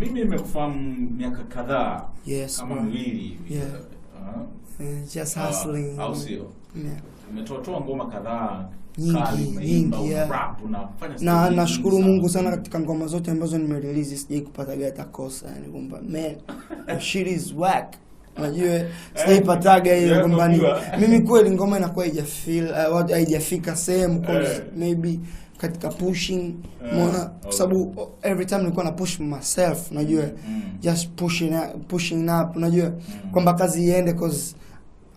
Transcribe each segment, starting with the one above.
Mimi nimekufahamu miaka kadhaa yes, kama miwili hivi. Yeah. Uh, just hustling. Ah, au sio? Yeah. Umetotoa ngoma kadhaa na nashukuru Mungu sana katika ngoma zote ambazo nimerelizi sijai kupataga hata kosa, yani kwamba man is whack sijaipataga eh? hiyo kwamba mimi kweli ngoma inakuwa haijafika uh, sehemu eh. maybe katika pushing eh, mwana kwa sababu every time nilikuwa na push myself, unajua mm. just pushing pushing up unajua mm. kwamba kazi iende cause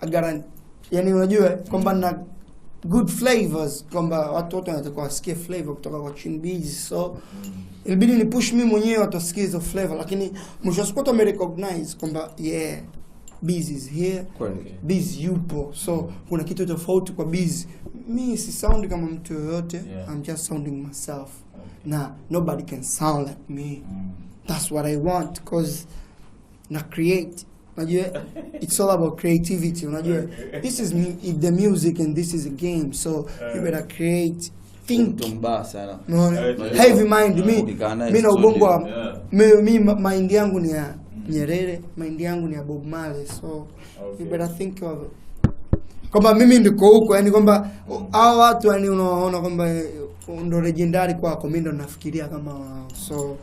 I guarantee, yani unajua mm. kwamba na good flavors kwamba watu wote wanataka wasikie flavor kutoka kwa Chin Bees, so mm. ilibidi ni push mimi mwenyewe watu wasikie hizo flavor, lakini mwisho siku watu recognize kwamba yeah Bees is here, Bees yupo, so kuna kitu tofauti kwa Bees mi si sound kama mtu yoyote yeah. I'm just sounding myself okay. na nobody can sound like me mm. that's what I want cause na create unajua it's all about creativity unajua this is me, the music and this is a game so uh, you better create think sana no, heavy mind yeah. mi mi na ubongo mi, mi mind yangu ni ya Nyerere mind yangu ni ya Bob Marley so okay. you better think of it kwamba mimi ndiko huko, yani kwamba hao watu yani unawaona kwamba eh, ndo legendary kwako, mi ndo nafikiria kama wao. So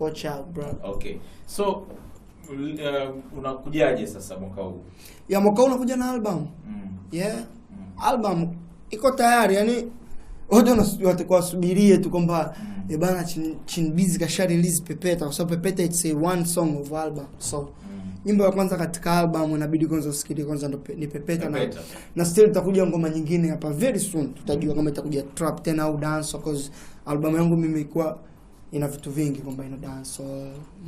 watch out bro. Okay, so uh, unakujaje sasa mwaka huu? Ya mwaka huu unakuja na album mm. yeah mm. album iko tayari yani watu watakuwasubirie tu kwamba mm. Eh, bana Chin, Chin Busy kasha release Pepeta, kwa sababu Pepeta it's a one song of album so mm nyimbo ya kwanza katika album inabidi kwanza usikilize kwanza ndo ni pepeta na, na still tutakuja ngoma nyingine hapa very soon, tutajua mm. kama itakuja trap tena au dance, because album yangu mimi ilikuwa ina vitu vingi kwamba ina dance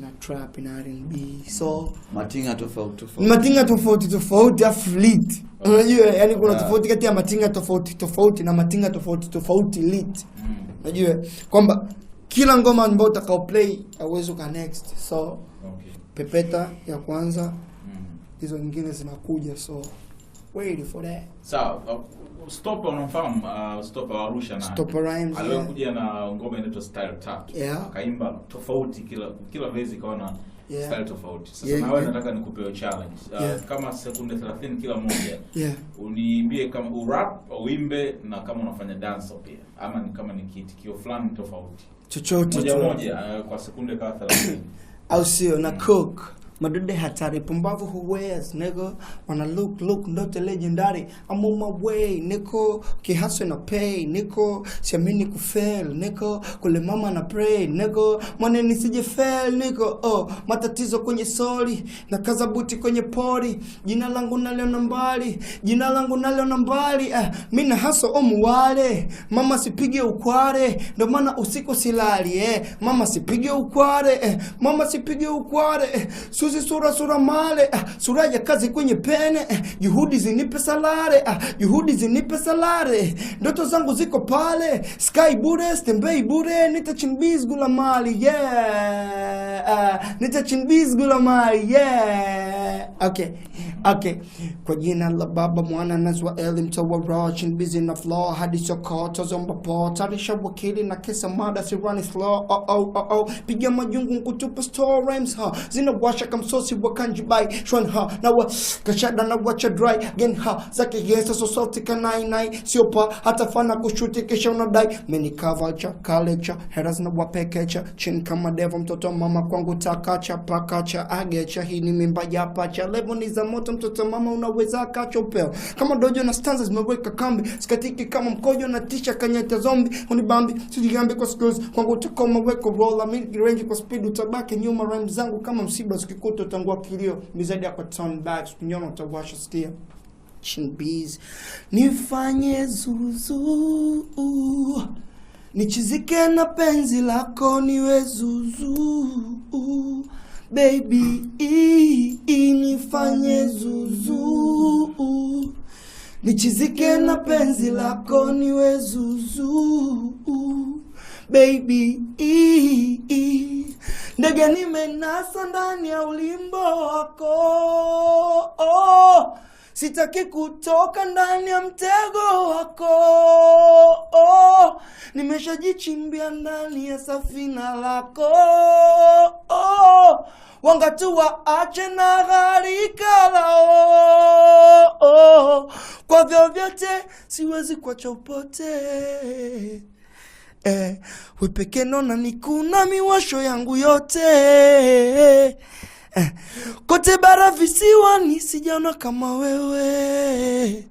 na trap na R&B so matinga tofauti tofauti, matinga tofauti tofauti afu lit unajua, yani kuna yeah. tofauti kati ya matinga tofauti tofauti na matinga tofauti tofauti lit, mm. unajua mm. kwamba kila ngoma ambayo utakao play auweze uka next so okay. Pepeta ya kwanza mm. hizo mm. nyingine zinakuja so wait for that. So, Stopa unamfahamu uh, Stopa wa Arusha na Stopa Rhymes alikuja yeah. na ngoma inaitwa Style Tatu. Yeah. Akaimba tofauti kila kila vezi kaona yeah. style tofauti. Sasa yeah, nawe yeah. nataka nikupe challenge. Uh, yeah. kama sekunde 30 kila moja. yeah. Uniimbie kama urap au uimbe na kama unafanya dance pia ama ni kama ni kiitikio fulani tofauti. Chochote moja moja uh, kwa sekunde kama 30. au sio na mm. cook madude hatari pumbavu who wears nigga wanna look look not ndote legendary I'm on my way niko kihaso na pay niko siamini ku fail niko kule mama na pray niko mwana nisije fail niko oh matatizo kwenye soli na kaza buti kwenye pori jina langu naliona mbali jina langu naliona mbali eh, mimi na haso omuwale mama sipige ukware ndo maana usiku silali eh, mama sipige ukware eh, mama sipige ukware eh, juzi sura sura male ah, sura ya kazi kwenye pene, ah, juhudi zinipe salare, ah, juhudi zinipe salare, ndoto zangu ziko pale, sky bure, stembei bure, nitachimbiz gula mali yeah, nitachimbiz gula mali yeah Okay, okay. Kwa jina la Baba, Mwana na Roho, mtawa mbizi na flow hadi Sokoto, zomba po tarisha wakili na kisa mada si sirani slow oh oh oh oh piga majungu nkutupa store rhymes ha zina washa kamsosi wakanji bai shwan ha na wa kashada na wacha dry again ha zake yesa so salty kanai nai sio pa hata fana kushuti kisha unadai meni kavacha kalecha heras na wapekecha chin kama devo mtoto mama kwangu takacha pakacha agecha hii ni mimba ya pacha level ni za moto, mtoto mama unaweza kacho upeo kama dojo na stanza zimeweka kambi, sikatiki kama mkojo na tisha kanyata zombi unibambi sijigambi kwa skills kwangu utakoma weko roller mid range kwa speed utabaki nyuma, rhymes zangu kama msiba sikikuta utangua kilio mizadi ya kwa turn back kunyona utawasha stia Chinbiz nifanye zuzu nichizike na penzi lako niwe zuzu baby kwenye nichizike na penzi lako niwe Zuzu baby ndege nimenasa ndani ya ulimbo wako oh, sitaki kutoka ndani ya mtego wako oh, nimeshajichimbia ndani ya safina lako wangatua ache na gharika lao oh, kwa vyovyote siwezi kwacha upote eh, wepeke nona nikuna miwasho yangu yote eh, kote bara visiwani sijaona kama wewe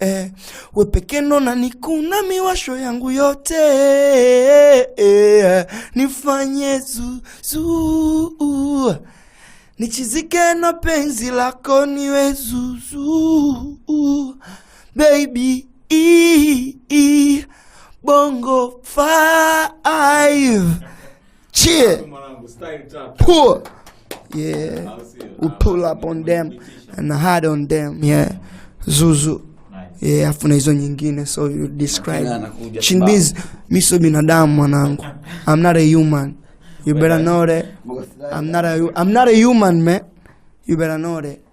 eh, we peke nona nikuna miwasho yangu yote eh, nifanye zuzu nichizike na penzi lako niwe zuzu baby e, e, bongo five. chie poor yeah we pull up on them and hard on them yeah zuzu yeah, na hizo nyingine so you describe chinbiz Mimi sio binadamu mwanangu, I'm not a human you better know that. I'm not a, I'm not a human man you better know that.